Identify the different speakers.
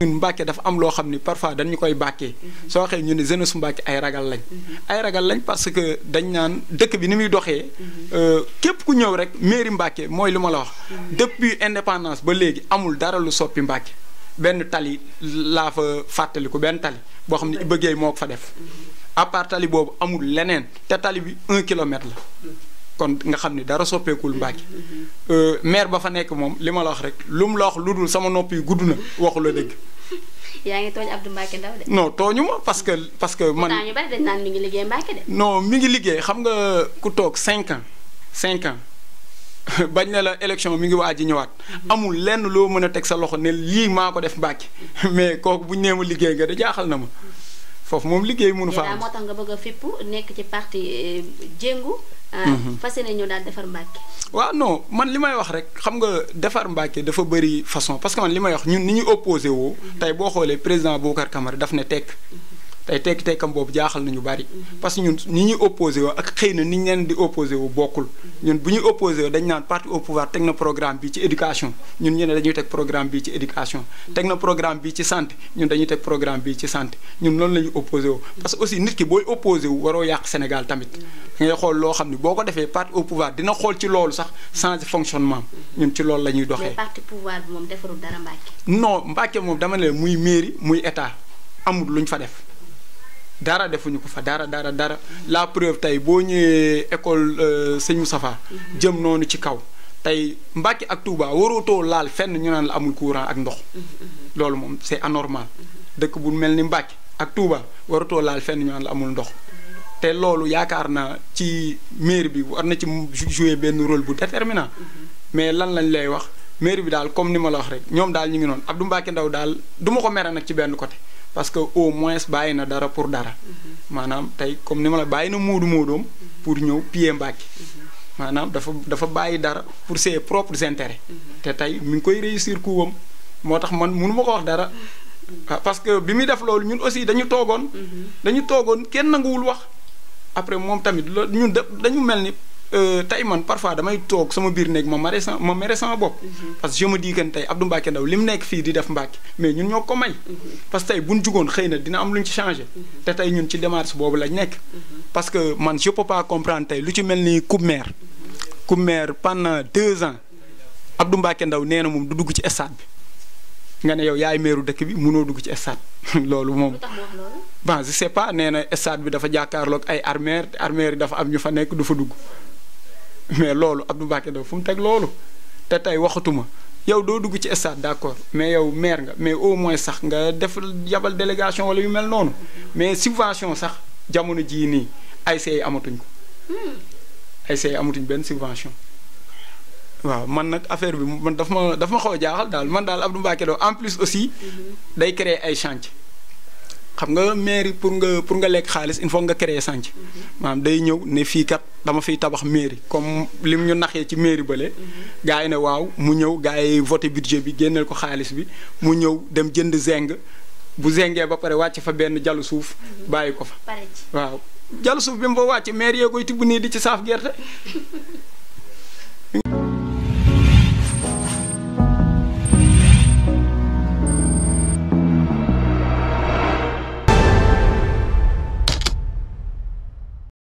Speaker 1: ñun Mbàkke dafa am loo xam ni parfois dañu koy bàkkee mhm. soo waxee ñu ne jeunesse Mbàkke ay ragal lañ mhm. ay ragal lañ parce que dañ naan dëkk bi ni muy doxee mhm. euh, képp ku ñëw rek mairie Mbàkke mooy lu ma la wax depuis indépendance ba léegi amul dara lu soppi Mbàkke benn tali laa fa fàttaliku benn tali boo xam ne i bëggee moo fa def à part tali boobu amul leneen te tali bi un kilomètre la kon nga xam ni dara soppeekul Mbacke euh, maire ba fa nekk moom li ma la wax rek lu mu la wax lu dul sama nopp yi gudd na waxu la dëgg. yaa ngi tooñ Abdou Mbacke Ndaw de. non tooñu ma parce que parce que. man ñu bari dañ naan mi ngi liggéey Mbacke de. mi ngi liggéey xam nga ku toog 5 ans 5 ans. bañ ne la élection mi ngi waaj a ñëwaat amul lenn loo mën a teg sa loxo ne lii maa ko def Mbacke mais kooku bu ñu ma liggéey nga da jaaxal na ma foofu moom liggéey mënu faa. moo tax nga bëgg a fippu nekk ci parti euh, jéngu Ah, mhm. fas ñu daal defar non man li je wax rek xam nga defar façon parce que man li may wax ñun ni ñu opposé woo. Mhm. tey président Boucar Camara daf ne mhm tey tekki tekkam boobu jaaxal bari parce que ñun ñi opposé ak xeyna opposés di opposé nous ñun opposé dañ parti au pouvoir tek na programme bi ci éducation ñun ñene dañuy programme bi ci éducation tek na programme bi ci santé ñun dañuy tek programme bi ci santé ñun opposé parce que aussi nit qui opposé wu Sénégal tamit ngay xol lo xamni boko défé parti au pouvoir dina xol ci sax fonctionnement ñun ci parti pouvoir bi dara non mom dama muy mairie muy état amul fa dara defuñu ko fa dara dara dara la preuve tey boo ñëwee école euh, sëñ Moustapha mhm. jëm noonu ci kaw tey Mbàkke ak Touba warootoo laal fenn ñu naan la amul courant ak ndox mhm, mhm. loolu moom c'est anormal dëkk bu mel ni Mbàkke ak Touba warootoo laal fenn ñu naan la amul ndox te loolu yaakaar na ci maire bi war na ci jouer benn rôle bu déterminant mais lan lañ lay wax maire bi daal comme ni ma la wax rek ñoom daal ñu ngi noonu Abdou Mbàkke Ndaw daal du ko mere nag ci benn côté parce que au moins bàyyi na dara pour dara mhm. maanaam tey comme ni ma la bàyyi na moodu moodoom mhm. pour ñëw piye Mbàkke mhm. maanaam dafa dafa bàyyi dara pour ses propres intérêts te tey mi ngi koy réussir kuwam moo tax man munuma ko wax dara ah, parce que bi muy def loolu ñun aussi dañu toogoon dañu toogoon kenn nanguwul wax après moom tamit loolu ñun dañu mel ni Euh, tey man parfois damay toog sama biir néeg ma mere sama ma mere sama bopp. Mhm. parce que je me dis que tey Abdou Mbacke Ndao li mu nekk fii di def Mbacke mais ñun ñoo ko may. Mhm. parce que tey bu ñu jugoon xëy na dina am lu ñu ci changé. Mhm. te tey ñun ci démarche boobu lañ nekk. parce que man je peux pas comprendre tey lu ci mel ni coupe maire. coupe maire pendant deux ans Abdou Mbacke Ndao nee na moom du dugg ci stade bi. nga ne yow yaay meeru dëkk bi munoo dugg ci stade loolu moom bon je sais nee na stade bi dafa jàkkaarloog ay armeer armeer yi dafa am ñu fa nekk du fa dugg mais lolu Abdou Mbacké da fu mu teg loolu te tey waxatuma yow do dugg ci stade d'accord mais yow maire nga mais au moins sax nga def yabal délégation wala yu mel non. mais subvention sax jamono ji ni ay sey amatuñ ko hmm. ay sey amatuñ ben subvention waaw man nak affaire bi man daf ma daf ma xaw jaaxal man dal Abdou Mbacké en plus aussi mm-hmm. day créer ay chantier xam nga mairie pour nga pour nga lekk xaalis il faut nga créer sànc mhm. maam day ñëw ne fii kat dama fiy tabax mairie comme li mu ñu naxee ci mairie bële. Mhm. gaa yi ne waaw mu ñëw gars yi voté budget bi génneel ko xaalis bi mu ñëw dem jënd zeng bu zengee ba pare wàcc fa benn jalu suuf mhm. bàyyi ko fa waaw jalu suuf bi mu fa wàcc mairie yee koy tibb nii di ci saaf gerte